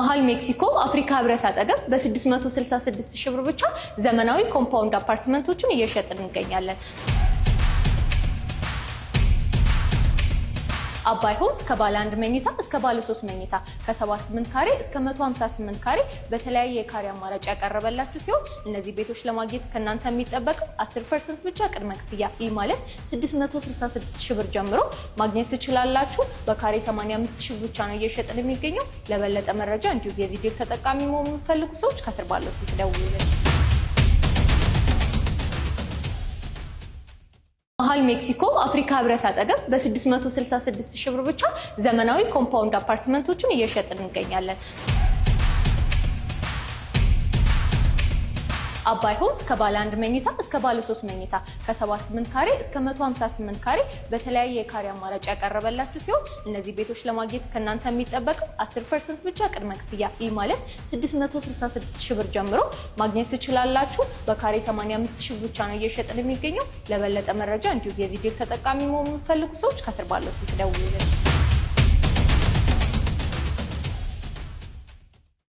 መሀል ሜክሲኮ አፍሪካ ህብረት አጠገብ በ666 ሺህ ብር ብቻ ዘመናዊ ኮምፓውንድ አፓርትመንቶችን እየሸጥን እንገኛለን። አባይ ሆምስ ከባለ አንድ መኝታ እስከ ባለ ሶስት መኝታ ከ78 ካሬ እስከ 158 ካሬ በተለያየ የካሬ አማራጭ ያቀረበላችሁ ሲሆን እነዚህ ቤቶች ለማግኘት ከእናንተ የሚጠበቀው 10 ፐርሰንት ብቻ ቅድመ ክፍያ ይህ ማለት 666 ሺህ ብር ጀምሮ ማግኘት ትችላላችሁ። በካሬ 85 ሺህ ብቻ ነው እየሸጥን የሚገኘው። ለበለጠ መረጃ እንዲሁም የዚህ ቤት ተጠቃሚ መሆኑ የሚፈልጉ ሰዎች ከስር ባለው ስልክ ደውሉልን። መሀል ሜክሲኮ አፍሪካ ህብረት አጠገብ በ666 ሺህ ብር ብቻ ዘመናዊ ኮምፓውንድ አፓርትመንቶችን እየሸጥን እንገኛለን። አባይ ሆምስ ከባለ አንድ መኝታ እስከ ባለ ሶስት መኝታ ከ78 ካሬ እስከ 158 ካሬ በተለያየ የካሬ አማራጭ ያቀረበላችሁ ሲሆን እነዚህ ቤቶች ለማግኘት ከእናንተ የሚጠበቀው 10% ብቻ ቅድመ ክፍያ፣ ይህ ማለት 666 ሺህ ብር ጀምሮ ማግኘት ትችላላችሁ። በካሬ 85 ሺህ ብቻ ነው እየሸጥን የሚገኘው። ለበለጠ መረጃ እንዲሁም የዚህ ዴል ተጠቃሚ መሆኑ የሚፈልጉ ሰዎች ከስር ባለው ስልክ ደውሉልን።